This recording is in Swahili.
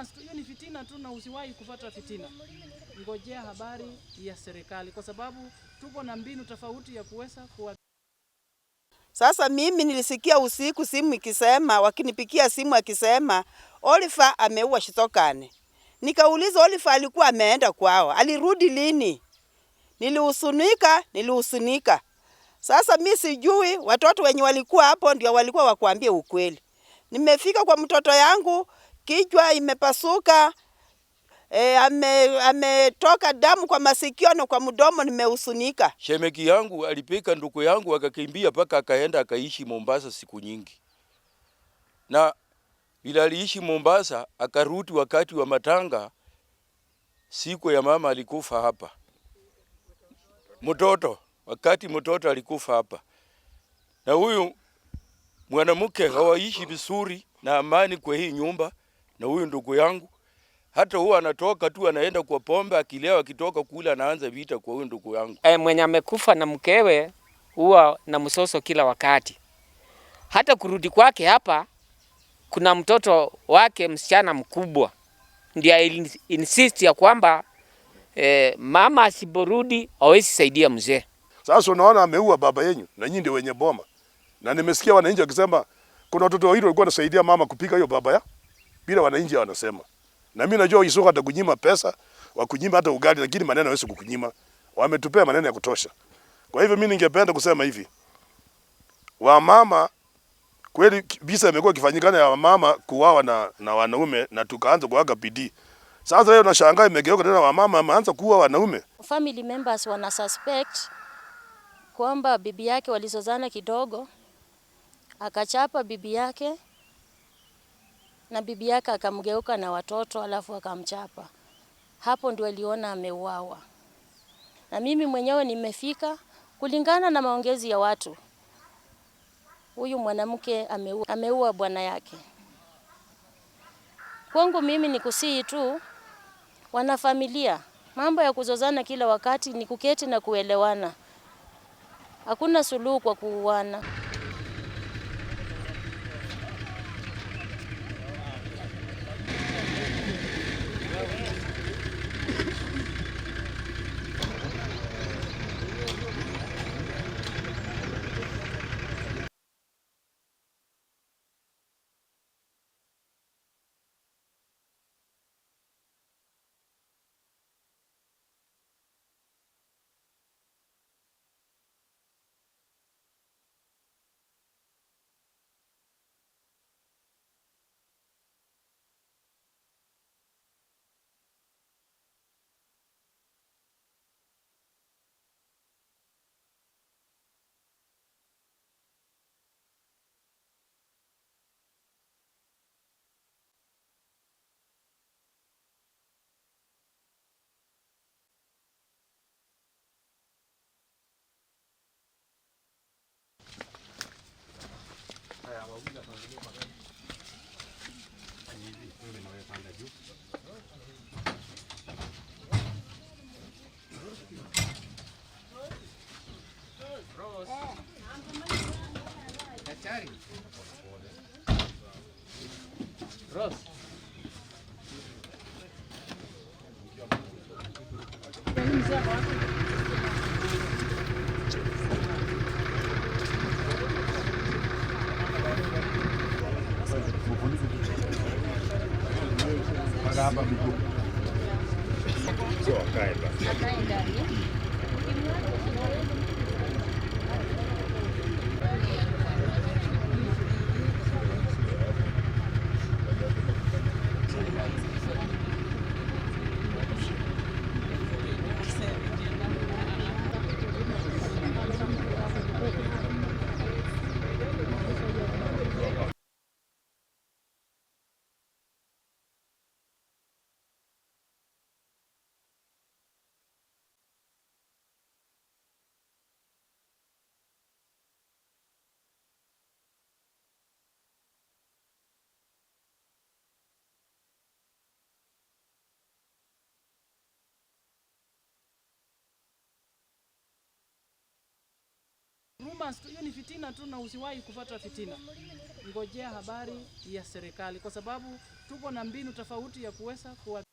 advance, hiyo ni fitina tu na usiwahi kupata fitina. Ngojea habari ya serikali, kwa sababu tuko na mbinu tofauti ya kuweza kuwa. Sasa mimi nilisikia usiku simu ikisema, wakinipikia simu akisema Olifa ameua Shitokane. Nikauliza Olifa alikuwa ameenda kwao, alirudi lini? Nilihusunika, nilihusunika. Sasa mimi sijui watoto wenye walikuwa hapo ndio walikuwa wakuambia ukweli. Nimefika kwa mtoto yangu kichwa imepasuka E, ametoka ame damu kwa masikio na kwa mdomo nimehusunika. Shemeki yangu alipika nduku yangu akakimbia mpaka akaenda akaishi Mombasa siku nyingi, na bila aliishi Mombasa akarudi wakati wa matanga, siku ya mama alikufa hapa, mtoto wakati mtoto alikufa hapa, na huyu mwanamke hawaishi vizuri na amani kwa hii nyumba na huyu ndugu yangu hata huwa anatoka tu anaenda kwa pombe akileo, akitoka kule anaanza vita kwa huyu ndugu yangu. E, mwenye amekufa na mkewe huwa na msoso kila wakati. Hata kurudi kwake hapa, kuna mtoto wake msichana mkubwa ndiye insist ya kwamba e, mama asiporudi hawezi saidia mzee. Sasa unaona ameua baba yenyu na nyinyi ndio wenye boma, na nimesikia wananchi wakisema kuna watoto wawili walikuwa wanasaidia mama kupika hiyo baba ya bila wananchi wanasema. Na mimi najua Isuka atakunyima pesa, wakunyima hata ugali, lakini maneno hawezi kukunyima. Wametupea maneno ya kutosha. Kwa hivyo mimi ningependa kusema hivi. Wamama kweli visa imekuwa ikifanyikana ya wamama kuwawa na, na wanaume na tukaanza kuaga bidii. Sasa leo nashangaa imegeuka tena wamama wameanza kuwa wanaume. Family members wana suspect kwamba bibi yake walizozana kidogo, akachapa bibi yake na bibi yake akamgeuka na watoto alafu akamchapa. Hapo ndio aliona ameuawa. Na mimi mwenyewe nimefika kulingana na maongezi ya watu, huyu mwanamke ameua, ameua bwana yake. Kwangu mimi ni kusihi tu wanafamilia, mambo ya kuzozana kila wakati ni kuketi na kuelewana. Hakuna suluhu kwa kuuana. Ferrari. Ross. só, So, geil. basi hiyo ni fitina tu, na usiwahi kupata fitina. Ngojea habari ya serikali, kwa sababu tuko na mbinu tofauti ya kuweza kuwa